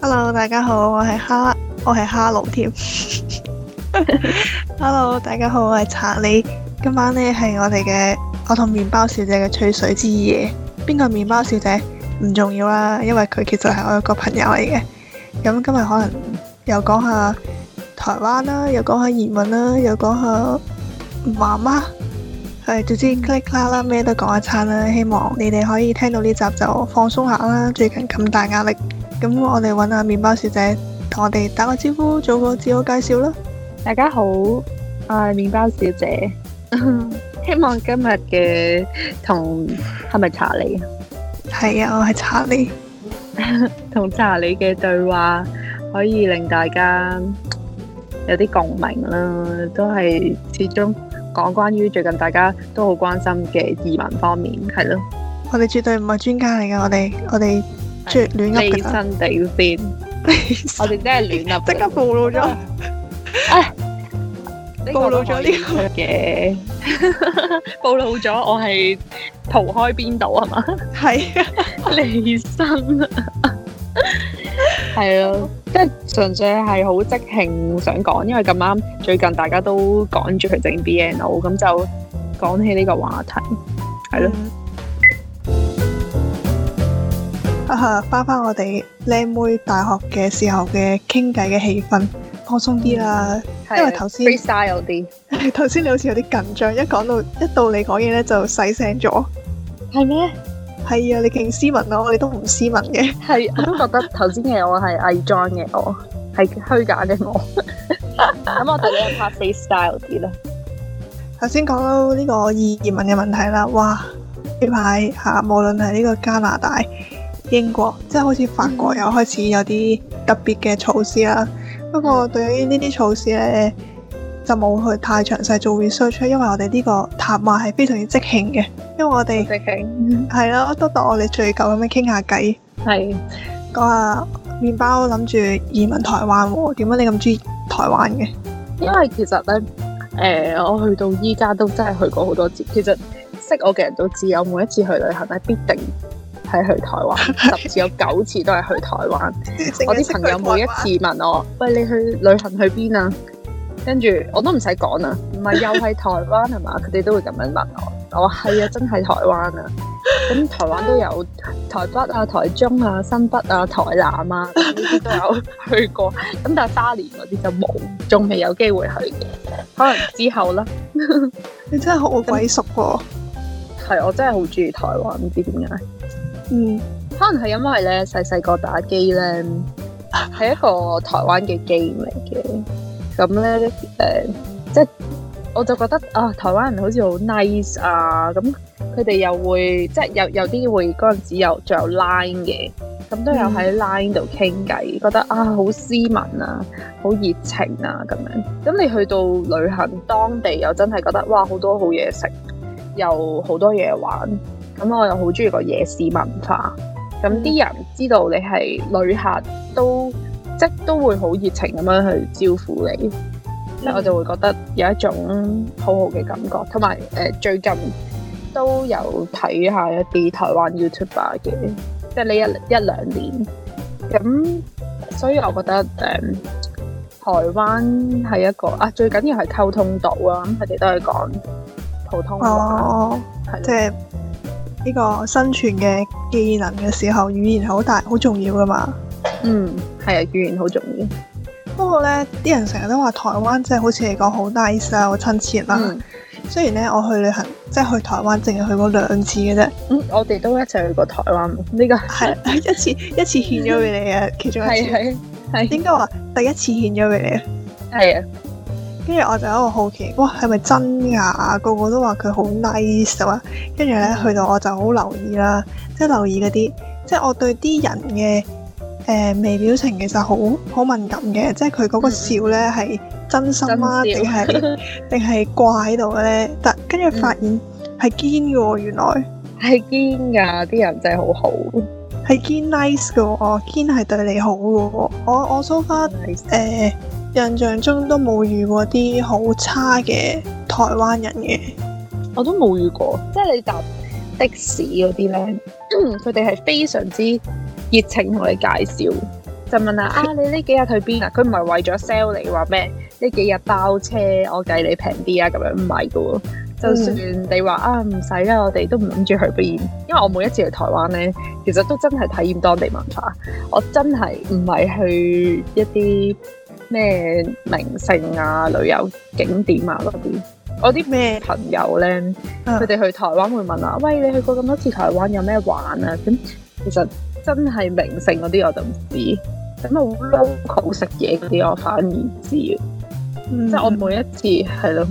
Hello，大家好，我係哈，我係哈羅添。 Hello，大家好，我係查理。今晚呢，係我哋嘅我同麵包小姐嘅吹水之夜。邊個麵包小姐唔重要啦，因為佢其實係我一個朋友嚟嘅。咁今日可能又講下台灣啦，又講下移民啦，又講下媽媽。係，總之 click 啦啦，咩都講一餐啦，希望你哋可以聽到呢集就放鬆下啦。最近咁大壓力，咁我哋揾下麵包小姐同我哋打個招呼，做個自我介紹啦。大家好，我係麵包小姐。 希望今日嘅同係咪查理啊？係啊，我係查理。查理 同查理嘅對話可以令大家有啲共鳴啦，都係始終。講關於最近大家都好關心嘅移民方面，係咯？我哋絕對唔係專家嚟㗎，我哋我哋絕亂噏嘅。黐線點先？我哋真係亂噏，即刻暴露咗！哎，你暴露咗呢個嘅，暴露咗我係逃開邊度係嘛？係黐線。係咯，即係純粹係好即興想講，因為咁啱最近大家都趕住去整 BNO，咁就講起呢個話題，係咯。啊哈，翻翻我哋靚妹大學嘅時候嘅傾偈嘅氣氛，放鬆啲啦。因為頭先有啲，頭先你好似有啲緊張，一講到一到你講嘢咧就細聲咗，係咩？係啊，你勁斯文咯，我哋都唔斯文嘅。係、 嗯、我都覺得頭先嘅我係偽裝嘅我，係虛假嘅我。咁我睇下怕 face style 啲啦。頭先講到呢個移民嘅問題啦，哇呢排吓無論係呢個加拿大、英國，即係好似法國又開始有啲特別嘅措施啦。不過對於呢啲措施咧。就冇去太詳細做 research，因為我哋呢個談話係非常之即興嘅，因為我哋即興係咯、嗯，都當我哋聚舊咁樣傾下偈，係講下麪包諗住移民台灣喎，點解你咁中意台灣嘅？因為其實咧，誒、呃，我去到依家都真係去過好多次。其實識我嘅人都知，我每一次去旅行咧，必定係去台灣，十次 有九次都係去台灣。我啲朋友每一次問我，喂，你去旅行去邊啊？跟住我都唔使講啦，唔係又係台灣係嘛？佢哋 都會咁樣問我，我話係啊，真係台灣啊。咁、嗯、台灣都有台北啊、台中啊、新北啊、台南啊，呢啲都有去過。咁但係沙蓮花蓮嗰啲就冇，仲未有機會去，可能之後啦。 你真係好鬼熟喎、哦！係、嗯、我真係好中意台灣，唔知點解。嗯，可能係因為咧細細個打機咧，係一個台灣嘅 game 嚟嘅。咁咧，誒、呃，即係我就覺得啊，台灣人好似好 nice 啊，咁佢哋又會即係有有啲會嗰陣時又仲有 line 嘅，咁都有喺 line 度傾偈，嗯、覺得啊好斯文啊，好熱情啊咁樣。咁你去到旅行當地又真係覺得哇，好多好嘢食，又好多嘢玩，咁我又好中意個夜市文化。咁啲人知道你係旅客都，嗯都即都會好熱情咁樣去招呼你，咁我就會覺得有一種好好嘅感覺。同埋誒，最近都有睇下一啲台灣 YouTuber 嘅，即係呢一一,一兩年。咁所以我覺得誒、呃，台灣係一個啊，最緊要係溝通到啊，咁佢哋都係講普通話，係、哦、的即係呢、這個生存嘅技能嘅時候，語言好大好重要㗎嘛。嗯，係啊，語言好重要。不過咧，啲人成日都話台灣即係好似嚟講好 nice 啊，好親切啦。雖然咧，我去旅行即係去台灣，淨係去過兩次嘅啫。嗯，我哋都一齊去過台灣，呢、這個係一次一次獻咗俾你嘅、嗯、其中一次。係係係。點解話第一次獻咗俾你啊？係啊的。跟住我就有一個好奇，哇，係咪真噶？個個都話佢好 nice 啊。跟住咧去到我就好留意啦，即、就、係、是、留意嗰啲，即、就、係、是、我對啲人嘅。就是誒、呃、微表情其實好好敏感嘅，即係佢嗰個笑咧係、嗯、真心啊，定係定係掛喺度咧？但跟住發現係堅嘅喎，原來係堅噶，啲人真係好好。係堅 nice 嘅喎，堅係對你好嘅喎。我我 so far 誒印象中都冇遇過啲好差嘅台灣人嘅，我都冇遇過。即係你搭的士嗰啲咧，佢哋係非常之熱情同你介紹，就問啊啊你呢幾日去邊啊？佢唔係為咗 sell 你話咩呢幾日包車，我計你平啲啊，咁樣唔係㗎喎。嗯、就算你話啊唔使啦，我哋都唔諗住去邊，因為我每一次去台灣咧，其實都真係體驗當地文化。我真係唔係去一啲咩名勝啊、旅遊景點啊嗰啲。我啲咩朋友咧，佢哋麼去台灣會問啊，喂，你去過咁多次台灣有咩玩啊？咁、嗯、其實。真係名勝嗰啲我就唔知，咁啊好 local 食嘢嗰啲我反而知，嗯、即係我每一次係咯，呢、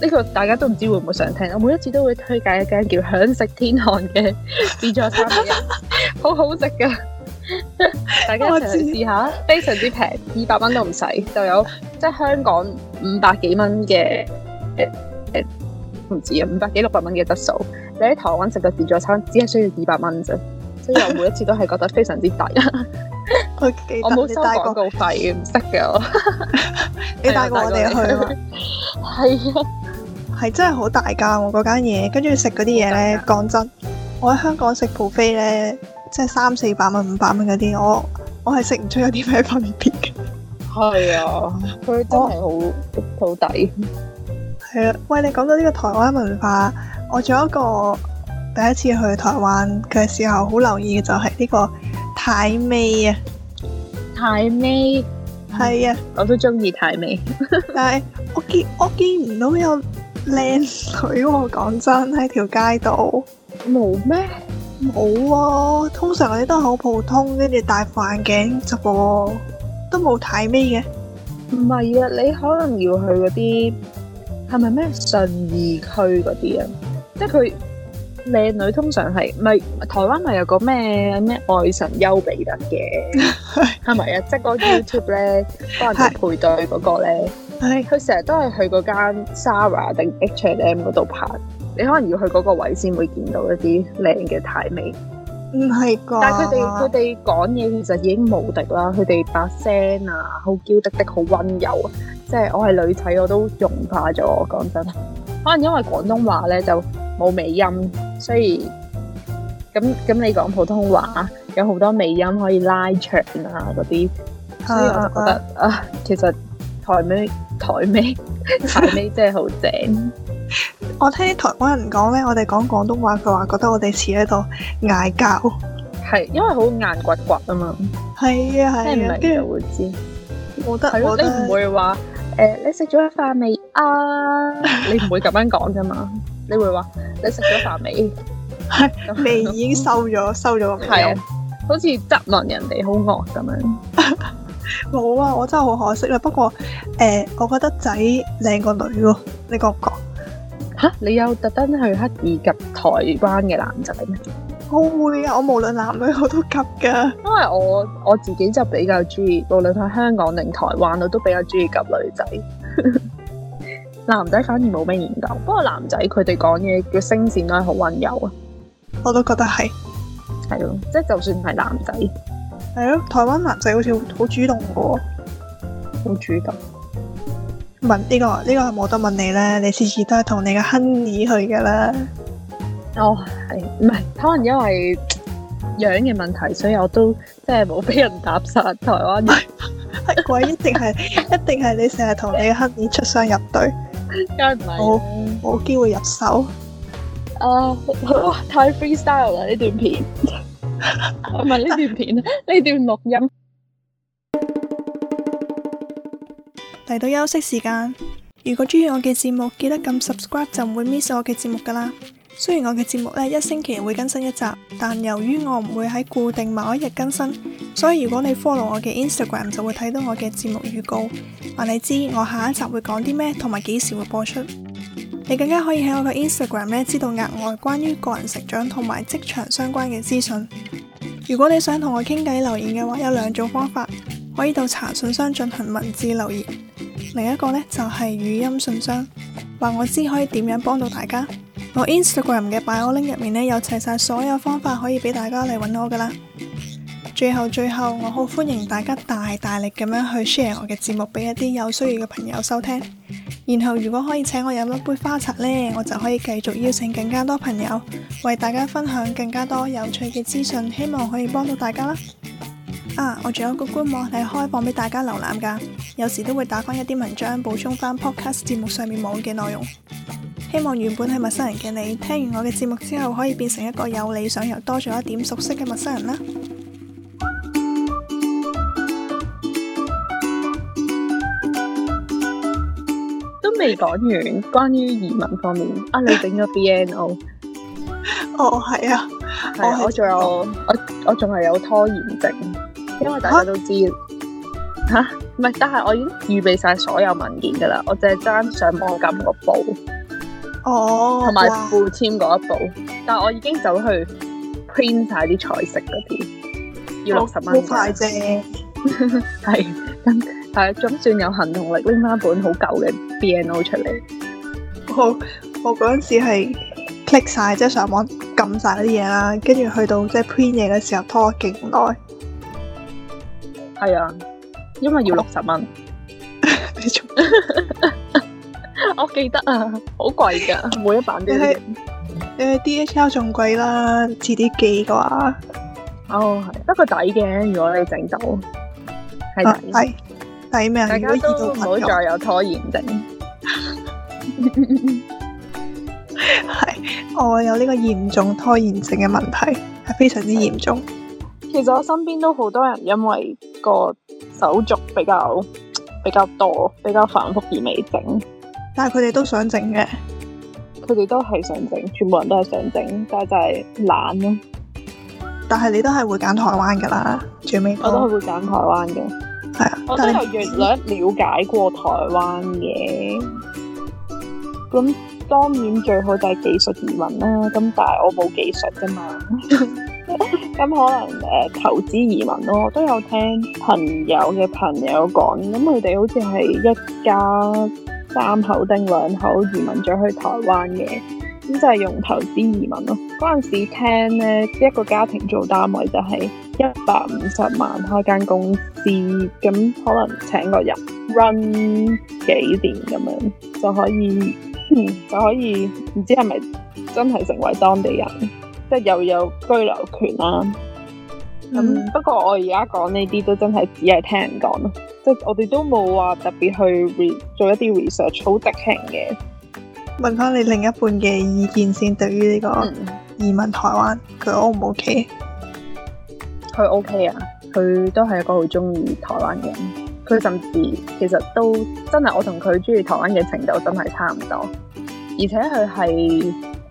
這個大家都唔知會唔會想聽。我每一次都會推介一間叫享食天堂嘅自助餐嘅， 好好食噶， 大家一齊試下，非常之平，二百蚊都唔使就有，即係香港五百幾蚊嘅，唔、呃、知啊五百幾六百蚊嘅質素，你喺台灣食個自助餐只係需要二百蚊啫。啲油每一次都係覺得非常之抵，我冇收廣告費嘅，唔識嘅你帶過我哋去啊？係 啊，係真係好大間喎，嗰間嘢，跟住食嗰啲嘢咧，講真，我喺香港食 buffet 咧，即係三四百蚊、五百蚊嗰啲，我我係食唔出有啲咩分別嘅。係啊，佢真係好好抵。係啊，喂，你講到呢個台灣文化，我仲有一個。第一次去台灣嘅時候，好留意嘅就係呢個台妹。 啊！台妹係啊，我都鍾意台妹。但係我見我見唔到有靚女喎。講真，喺條街度冇咩冇啊！通常嗰啲都好普通，跟住戴副眼鏡就喎，啊，都冇台妹嘅。唔係啊，你可能要去嗰啲係咪咩信義區嗰啲啊？即係佢。靚女通常係咪台灣咪有個咩咩愛神丘比特嘅係咪啊？即係嗰 YouTube 咧幫人哋配對嗰個咧，係佢成日都係去嗰間 Zara 定 H and M 嗰度拍，你可能要去嗰個位先會見到一啲靚嘅台妹。唔係㗎，但係佢哋佢哋講嘢其實已經無敵啦！佢哋把聲啊，好嬌滴滴，好溫柔，即係我係女仔我都融化咗。我講真，可能因為廣東話咧就冇尾音。所以咁咁你講普通話有好多尾音可以拉長啊嗰啲，所以我就覺得啊，啊，其實台妹，台妹，台妹真係好正。 我聽台灣人講咧，我哋講廣東話，話，佢話覺得我哋似喺度嗌交，係因為好硬掘掘啊嘛。係啊係啊，聽唔明就會知。我覺得是我咯、呃，你唔會話誒，你食咗飯未啊？你唔會咁樣講噶嘛？你會話你食咗飯未？係， 未已經瘦咗，瘦咗好多。啊， 好似質問人哋好惡咁樣。冇 啊，我真係好可惜啦。不過誒、呃，我覺得仔靚過女喎，你覺唔覺？嚇， 你有特登去刻意夾台灣嘅男仔咩？好會啊！我無論男女我都夾㗎。 因為我我自己就比較中意，無論喺香港定台灣，我都比較中意夾女仔。 男仔反而冇咩研究，不過男仔佢哋講嘢嘅聲線都係好温柔啊，我都覺得係，係咯，即係就算唔係男仔，係咯，台灣男仔好似好主動嘅，好主動。問呢、這個呢、這個係冇得問你啦，你次次都係同你嘅亨 o 去噶啦。哦，係唔係？可能因為樣嘅問題，所以我都即係冇俾人搭訕。台灣係鬼，一定係一定係你成日同你嘅亨 o 出雙入對。梗係唔係，冇冇機會入手、uh, 太 freestyle 啦，呢段片，唔係呢段片，呢 段錄音嚟到休息時間。如果中意我嘅節目，記得撳 subscribe 就唔會 miss 我嘅節目噶啦。雖然我嘅節目呢一星期會更新一集，但由於我唔會喺固定某一日更新，所以如果你 follow 我嘅 Instagram，就會睇到我嘅節目預告，話你知我下一集會講啲咩，同埋幾時會播出。你更加可以喺我嘅 Instagram 呢知道額外關於個人成長同埋職場相關嘅資訊。如果你想同我傾偈留言嘅話，有兩種方法可以到查信箱進行文字留言，另一個呢就係、是、語音信箱，話我知可以點樣幫到大家。我 Instagram 嘅 bio link 入面呢，有齊晒所有方法可以俾大家嚟揾我噶啦。最後最後，我好歡迎大家大大力咁樣去 share 我嘅節目俾一啲有需要嘅朋友收聽。然後如果可以請我飲一杯花茶呢，我就可以繼續邀請更加多朋友為大家分享更加多有趣嘅資訊，希望可以幫到大家啦。啊，我仲有個官網係開放俾大家瀏覽噶，有時都會打翻一啲文章補充翻 podcast 節目上面冇嘅內容。希望原本係陌生人嘅你，聽完我嘅節目之後，可以變成一個有理想又多咗一點熟悉嘅陌生人啦。都未講完，關於移民方面，阿、啊、你整咗 BNO？哦，係 啊，啊，我仲有、oh. 我我仲係有拖延症，因為大家都知吓，唔係、ah? 啊，但係我已經預備晒所有文件噶啦，我淨係爭上網撳個步。哦，同埋副簽嗰一步，哇但係我已經走去 print 晒啲彩色嗰啲，要六十蚊，好快啫，係咁係，總算有行動力拎翻本好舊嘅 B N O 出嚟。我我嗰陣時係 click 晒，即係上網撳晒啲嘢啦，跟住去到即係 print 嘢嘅時候拖咗勁耐。係啊、 哎，因為要六十蚊。我記得啊，好貴噶， 每一版都係。誒，DHL 仲貴啦，遲啲寄嘅話，哦係，不過抵嘅，如果你整到，係抵，抵咩啊？大家都唔好再有拖延症。係， 我有呢個嚴重拖延症嘅問題，係非常之嚴重。其實我身邊都好多人因為個手續比較比較多，比較繁複而未整。但係佢哋都想整嘅，佢哋都係想整，全部人都係想整，但係就係懶咯。但係你都係會揀台灣噶啦，最尾我都係會揀台灣嘅，係啊。我都有約略了解過台灣嘅，咁當然最好就係技術移民啦。咁但係我冇技術噶嘛，咁可能誒投資移民咯。都有聽朋友嘅朋友講，咁佢哋好似係一家。三口定兩口移民咗去台灣嘅，咁就係用投資移民咯。嗰陣時聽咧，一個家庭做單位就係一百五十萬開間公司，咁可能請個人 run 幾年咁樣，就可以、嗯、就可以唔知係咪真係成為當地人，即係又有居留權啦、啊。咁、嗯嗯、不過我而家講呢啲都真係只係聽人講咯。我哋都冇話特別去 re 做一啲 research，好直情嘅。問翻你另一半嘅意見先，對於呢個移民台灣，佢 O 唔 O K？佢 O K 啊，佢都係一個好中意台灣人。佢甚至其實都真係我同佢中意台灣嘅程度真係差唔多。而且佢係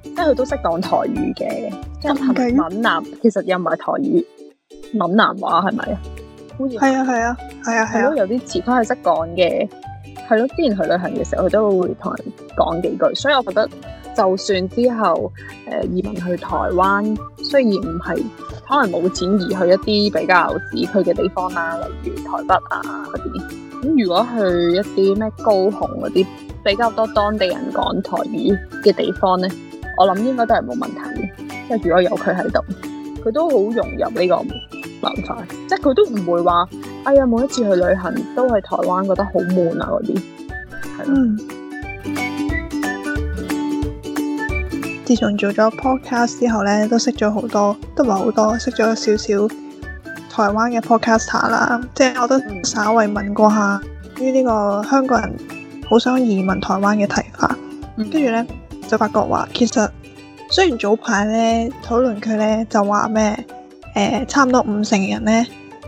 即係佢都識講台語嘅即閩南，其實又唔係台語，閩南話係咪啊？好似係啊，係啊。係啊係咯，啊啊、有啲詞都係識講嘅，係咯、啊。之前去旅行嘅時候，佢都會同人講幾句，所以我覺得就算之後誒、呃、移民去台灣，雖然唔係可能冇錢而去一啲比較市區嘅地方啦、啊，例如台北啊嗰啲。咁如果去一啲咩高雄嗰啲比較多當地人講台語嘅地方咧，我諗應該都係冇問題嘅，即係如果有佢喺度，佢都好融入呢、這個。即係佢都唔會話，哎呀，每一次去旅行都係台灣，覺得好悶啊嗰啲，係咯、嗯。自從做咗 podcast 之後呢，都識咗好多，都唔係好多，識咗少少台灣嘅 podcast 啦。即係我都稍為問過下，關於呢、嗯、個香港人好想移民台灣嘅提法，跟住、嗯、呢，就發覺話，其實雖然早排呢，討論佢呢就話咩。誒，差唔多五成嘅人咧，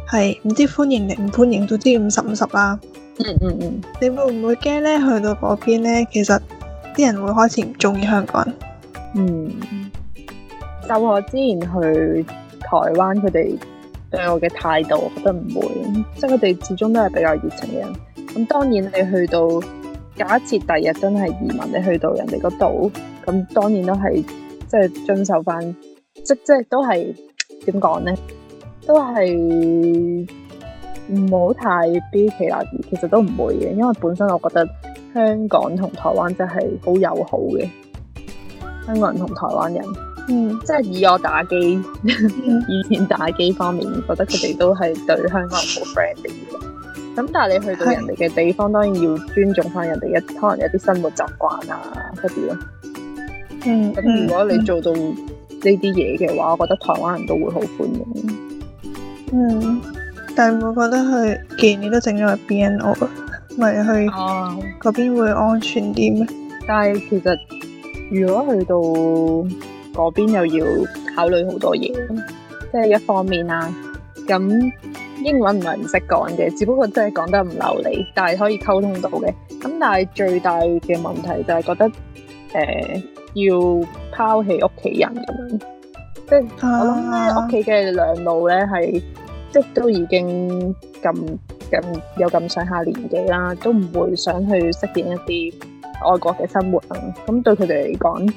係唔知歡迎定唔歡迎，都知五十五十啦，嗯。嗯嗯嗯。你會唔會驚咧？去到嗰邊咧，其實啲人會開始唔中意香港人。嗯。就我之前去台灣，佢哋對我嘅態度，我覺得唔會，即係佢哋始終都係比較熱情嘅人。咁當然你去到假設第日真係移民，你去到人哋嗰度，咁當然都係即係遵守翻，即即係都係。點講咧，都係唔好太標奇立異啦。其實都唔會嘅，因為本身我覺得香港同台灣真係好友好嘅。香港人同台灣人，嗯，即係以我打機、嗯、 以前打機方面，覺得佢哋都係對香港人好 friend 嘅。咁但係你去到人哋嘅地方，是當然要尊重翻人哋一可能一啲生活習慣啊，嗰啲咯。嗯，咁如果你做到、嗯。嗯呢啲嘢嘅話，我覺得台灣人都會好歡迎。嗯，但係我覺得佢見你都整咗 BNO，咪去嗰、哦、邊會安全啲咩？但係其實如果去到嗰邊，又要考慮好多嘢，即、就、係、是、一方面啊。咁英文唔係唔識講嘅，只不過真係講得唔流利，但係可以溝通到嘅。咁但係最大嘅問題就係覺得誒、呃、要。拋棄屋企人咁樣，即係我諗屋企嘅兩老咧，係即係都已經咁咁又咁上下年紀啦，都唔會想去適應一啲外國嘅生活啦。咁對佢哋嚟講，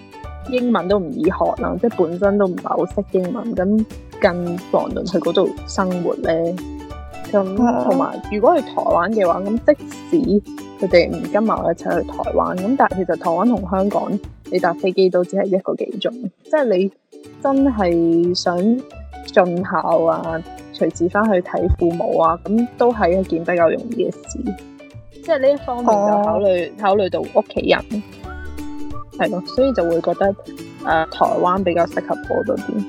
英文都唔易學啦，即係本身都唔係好識英文，咁更遑論去嗰度生活咧，咁同埋如果係台灣嘅話，咁即使。佢哋唔跟埋我一齊去台灣咁，但係其實台灣同香港你搭飛機都只係一個幾鐘，即係你真係想盡孝啊，隨時翻去睇父母啊，咁都係一件比較容易嘅事。即係呢一方面就考慮，oh. 考慮到屋企人係咯，所以就會覺得誒、呃、台灣比較適合我多啲。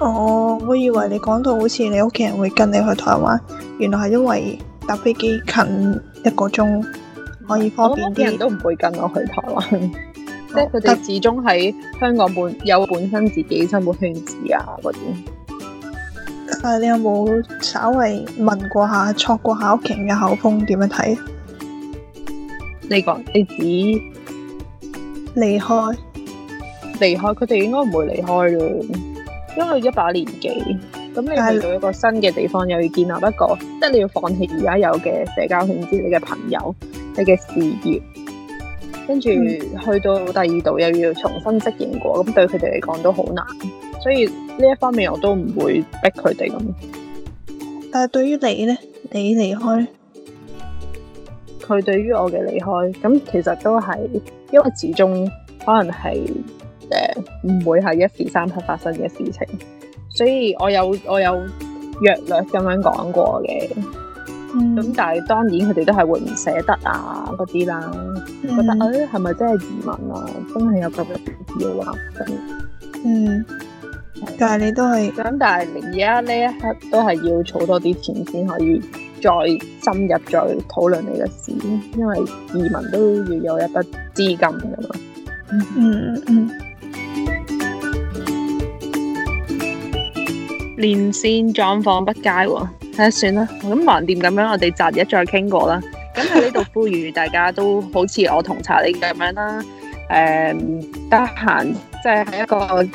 哦，oh, 我以為你講到好似你屋企人會跟你去台灣，原來係因為搭飛機近一個鐘。可以方便，好多人都唔會跟我去台灣， 即係佢哋始終喺香港本有本身自己生活圈子啊嗰啲。誒，你有冇稍微問過下、錯過下屋企人嘅口風點樣睇？你講你指離開，離開佢哋應該唔會離開啦，因為一把年紀。咁你係到一個新嘅地方又的要建立一個，即係你要放棄而家有嘅社交圈子，你嘅朋友。你嘅事業，跟住去到第二度又要重新適應過，咁對佢哋嚟講都好難，所以呢一方面我都唔會逼佢哋咁。但係對於你呢，你離開，、嗯、開，佢對於我嘅離開，咁其實都係因為始終可能係誒唔會係一時三刻發生嘅事情，所以我有我有約略咁樣講過嘅。咁、嗯、但係當然佢哋都係會唔捨得啊嗰啲啦，嗯、覺得誒係咪真係移民啊？真係有咁嘅必要啊？嗯，但係你都係咁，但係而家呢一刻都係要儲多啲錢先可以再深入再討論你嘅事，因為移民都要有一筆資金噶嘛、嗯。嗯嗯。嗯，連線狀況不佳喎。唉，算啦，咁橫掂咁樣，我哋擇日再傾過啦。咁喺呢度呼籲大家都 好似我同茶你咁樣啦，誒、嗯，得閒，即係喺一個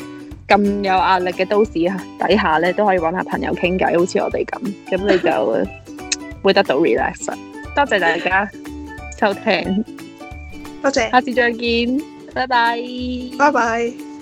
咁有壓力嘅都市底下咧，都可以揾下朋友傾偈，好似我哋咁，咁你就會得到 relax。 多謝大家收聽，多謝、謝，下次再見，拜拜，拜拜。